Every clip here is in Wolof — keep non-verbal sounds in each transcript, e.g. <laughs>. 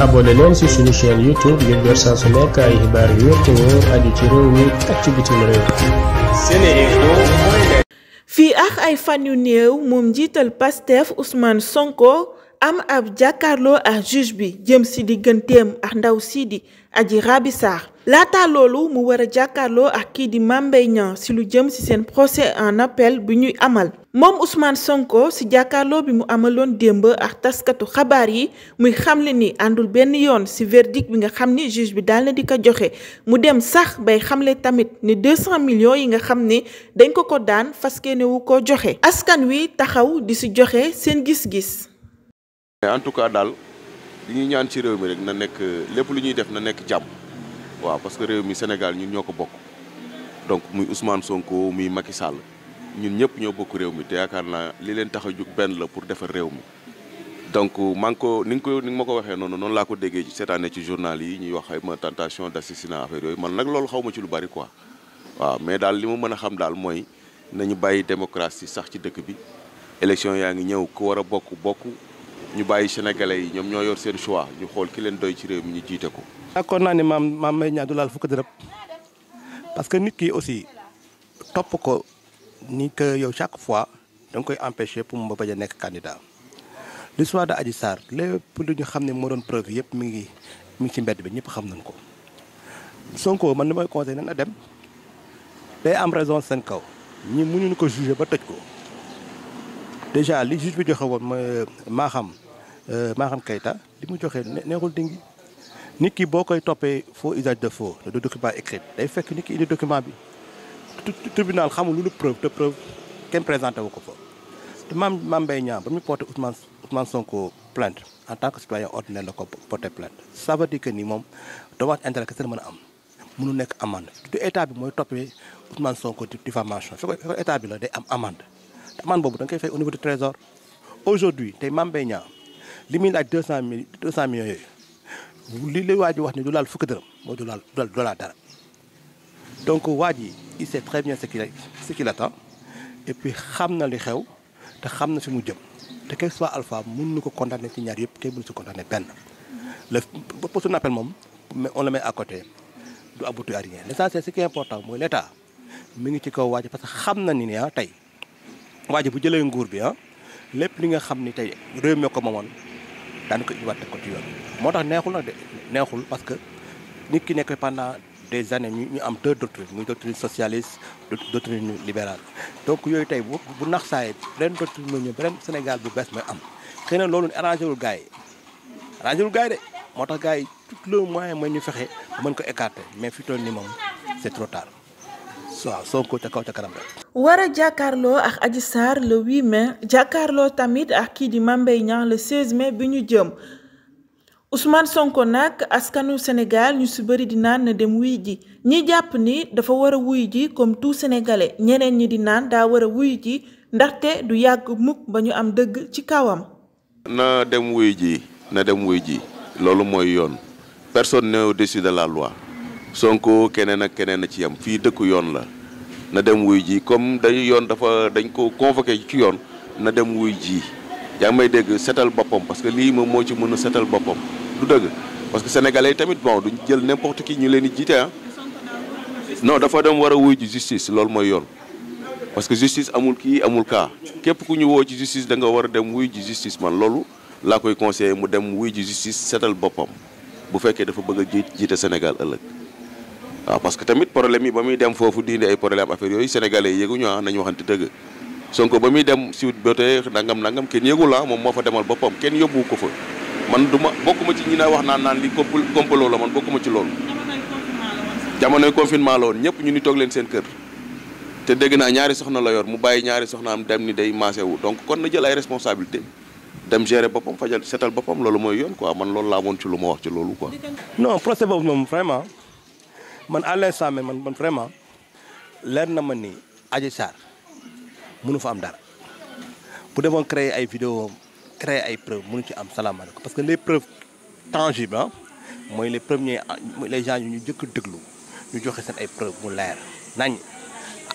abonné leen ci suñu YouTube ngir jot su nekk ay xibaar yu wér te wóor aju ci réew mi ak ci réew. fii ak ay fan yu néew moom njiital Pastef Ousmane Sonko. am ab jàkkaarloo ak juge bi jëm si digganteem ak ndaw sii di Adji Raby Sarr laata loolu mu war a jàkkaarloo ak kii di Mame Mbaye Niang si lu jëm si seen procès en appel bi ñuy amal moom Ousmane Sonko si jàkkaarloo bi mu amaloon démb ak taskatu xabaar yi muy xamle ni àndul benn yoon si verdict bi nga xam ni juge bi daal na di ko joxe mu dem sax bay xamle tamit ni 200 millions yi nga xam ni dañ ko ko daan fas yéene wu ko joxe askan wi taxaw di si joxe seen gis-gis. en tout cas daal li ñuy ñaan ci réew mi rek na nekk lépp lu ñuy def na nekk jàmm waaw parce que réew mi Sénégal ñun ñoo ko bokk donc muy Ousmane Sonko muy Macky sàll ñun ñëpp ñoo bokk réew mi te yaakaar naa li leen tax a jug benn la pour defar réew mi. donc maa ngi ko ni nga ko ni nga ma ko waxee noonu noonu laa ko déggee cette seetaanee ci journal yi ñuy wax ay ma tentation d'assassinat affaire yooyu man nag loolu xaw ma ci lu bari quoi waaw mais daal li ma mën a xam daal mooy nañu bàyyi démocratie sax ci dëkk bi élection yaa ngi ñëw ku war a bokk bokk. ñu bàyyi sénégalais yi ñoom ñoo yor seen choix ñu xool ki leen doy ci réew mi ñu jiite ko. kon naa ne maam maam may ñaa du laal fukki dërëm parce que nit kii aussi topp ko ni que yow chaque fois da koy empêcher pour mu bañ a nekk candidat l'histoire de Adji Sarr lépp lu ñu xam ne moo doon preuve yëpp mi ngi mi ngi ci mbedd bi ñëpp xam nañ ko Sonko man li may conseil na a dem day am raison seen kaw ñi mënuñu ko juger ba tëj ko. déjà li juge bi joxe woon ma maa xam maa xam li mu joxe neexul dingi nit ki boo koy toppee faux usage de faux de document écrit day fekk nit ki indi document bi tribunal xamul lu lu preuve te preuve kenn présenté wu ko fa te maam maam Mbaye Niang ba mu porté Ousmane Ousmane Sonko plainte en tant que citoyen ordinaire la ko porté plainte ça dire que ni moom dommage intérêt kese la mën a am mënu nekk amande du état bi mooy toppee Ousmane Sonko diffamation su ko bi la day am amende amende boobu da nga koy fay au trésor aujourd'hui tey Mame Mbaye li muy laaj deux cent mille deux cent millions yooyu li lay waa ji wax ni du laal fukki dërëm mooy du laal du laal dara donc waa ji il sait très bien ce qu'il ce qu'il attend xam na li xew te xam na fi mu jëm te quel soit alpha mën ko condamner ci ñaar yëpp kenn mënu si condamner benn le poste d'appel moom on le met à côté du abouti à rien l'essentiel important mooy l'état mu ngi ci kaw waa ji parce que xam na ni ne ah tey waa ji bu jëlee nguur bi ah lépp li nga xam ni tey réew mi ko moomoon daan ko indiwaat teg ko ci yoon moo tax neexul nag de neexul parce que nit ki nekk pendant des années ñu ñu am deux doctrines muy doctrine socialiste doctrine libérale donc yooyu tey bu bu nax saay beneen doctrine mooy ñëw beneen Sénégal bu bees mooy am xëy loolu arrangé wul gars yi arrangé wul de moo tax gars yi tout le moyen mooy ñu fexe mën ko écarter mais fi toll nii moom c'est trop tard waaw Sonko ca kaw ca kanam rek. war a jàkkaarloo ak Adji Sarr le 8 jàkkaarloo tamit ak kii ji Mame Mbaye Niang le 16 bi ñu jëm Ousmane Sonko nag askanu senegal ñu si bëri di naan na dem wuy ji ñi jàpp ni dafa war a wuy ji comme tout sénégalais ñeneen ñi di naan daa war a wuy ji ndaxte du yàgg mukk ba ñu am dëgg ci kawam. na dem wuy ji na dem wuy ji loolu mooy yoon personne n'est au-dessus de la loi. Sonko keneen ak keneen a ci yam fii dëkku yoon la na dem wuy ji comme dañu yoon dafa dañ ko convoqué ci yoon na dem wuy ji yaa ngi may dégg setal boppam parce que lii moom moo ci mën a setal boppam du dëgg parce que sénégalais yi tamit bon duñ jël n'importe kii ñu leen di jiite ah non dafa dem war a wuy ji justice loolu mooy yoon parce que justice amul kii amul kaa képp ku ñu woo ci justice da nga war a dem wuy justis justice man loolu laa koy conseillé mu dem wuy ji justice setal boppam bu fekkee dafa bëgg a jiite Sénégal ëllëg waaw parce que tamit problème yi ba muy dem foofu di indi ay problème affaire yooyu sénégalais yi a ah nañu waxante dëgg Sonko ba muy dem si beauté nangam nangam kenn yëgul ah moom moo fa demal boppam kenn yóbbu ko fa man du ma bokkuma ci ñi na wax naan naan li complot la man bokkuma ci loolu jamonoy confinement la woon ñëpp ñu ni toog leen seen kër te dégg naa ñaari soxna la yor mu bàyyi ñaari soxnaam dem ni day maase wu donc kon na jël ay responsabilité dem gere boppam fajal setal boppam loolu mooy yoon quoi man laa woon ci lu ma wax ci loolu quoi man à l'instant man man vraiment leer na ma ni Adji Sarr mënu fa am dara bu defoon créer ay vidéo créer ay preuves mënu ci am salaamaaleykum parce que les preuves tangibles ah mooy les premiers ah, les gens ñu jëkk déglu ñu joxe seen ay preuves mu leer nañ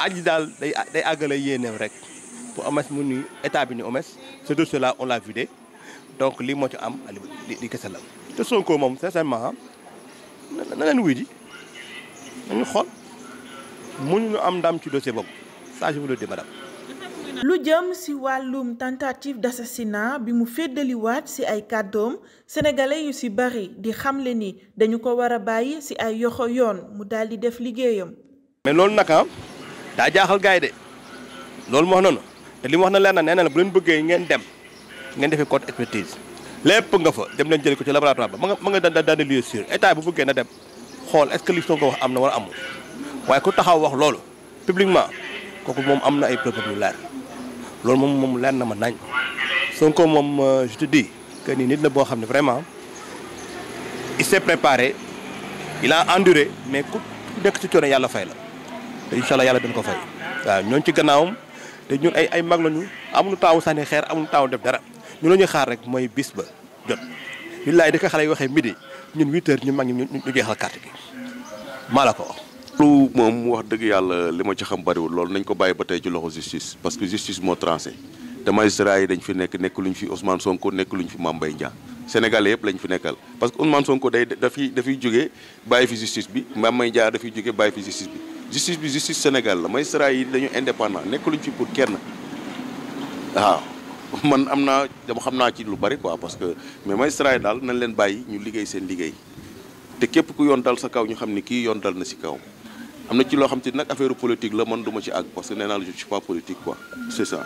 aj daal day day àggale yéeneem rek bu ames mu ni état bi ni ames ce dossier là on l'a vidé donc li moo ci am li li kese la te Sonko moom sincèrement ah, na leen wuy ji nañu xool mënuñu am ndam ci dossier boobu ça je vous le dis madame. lu jëm si wàllum tentative d'assassinat bi mu feddaliwaat si ay kàddoom sénégalais yu si bari di xamle ni dañu ko war a bàyyi si ay yoxo yoon mu daal di def liggéeyam. mais loolu naka ah, daa jaaxal gars yi de loolu mu wax noonu te li mu wax na leer na nee na la bu leen bëggee ngeen dem ngeen defee contre expertise lépp nga fa dem leen jël ko ci laboratoire ba ma nga ma nga daan daan lieu sûr état bu bëggee na dem. xool est-ce que li Sonko wax am na wala amul waaye ku taxaw wax loolu publiquement kooku moom am na ay preuve yu loolu moom moom leer na ma nañ Sonko moom euh, je te di que ni nit la boo xam ne vraiment il s'est préparé il a enduré mais ku nekk ci coono yàlla fay la te incha yàlla dañ ko fay waaw ñooñu ci gannaawam te ñun ay ay mag lañu amuñu taawu sànni xeer amuñu taawu def dara ñu la ñuy xaar rek mooy bis ba jot. billaay di ko xale yi waxee midi ñun huit ñu mag ñu ñu jeexal carte bi maa la ko wax. loolu moom wax dëgg yàlla li ma ci xam bariwul loolu nañ ko bàyyi ba tey ci loxo justice parce que justice moo tranché te magistrat yi dañ fi nekk nekk luñ fi Ousmane Sonko nekk luñ fi Mame Mbaye Niang Sénégalais yëpp lañ fi nekkal parce que Ousmane Sonko day dafiy dafiy jógee bàyyi fi justice bi Mame Mbaye Niang dafiy jógee bàyyi fi justice bi justice bi justice Sénégal la magistrat yi dañu indépendant nekk luñ pour kenn waaw <laughs> man am naa dama xam naa ci lu bari quoi parce que mais magistrat yi daal nañ leen bàyyi ñu liggéey seen liggéey te képp ku yoon dal sa kaw ñu xam ni kii yoon dal na si kaw am na ci loo xam te nag affaire politique la man duma ci àgg parce que nee naa la je suis pas politique quoi c'est ça.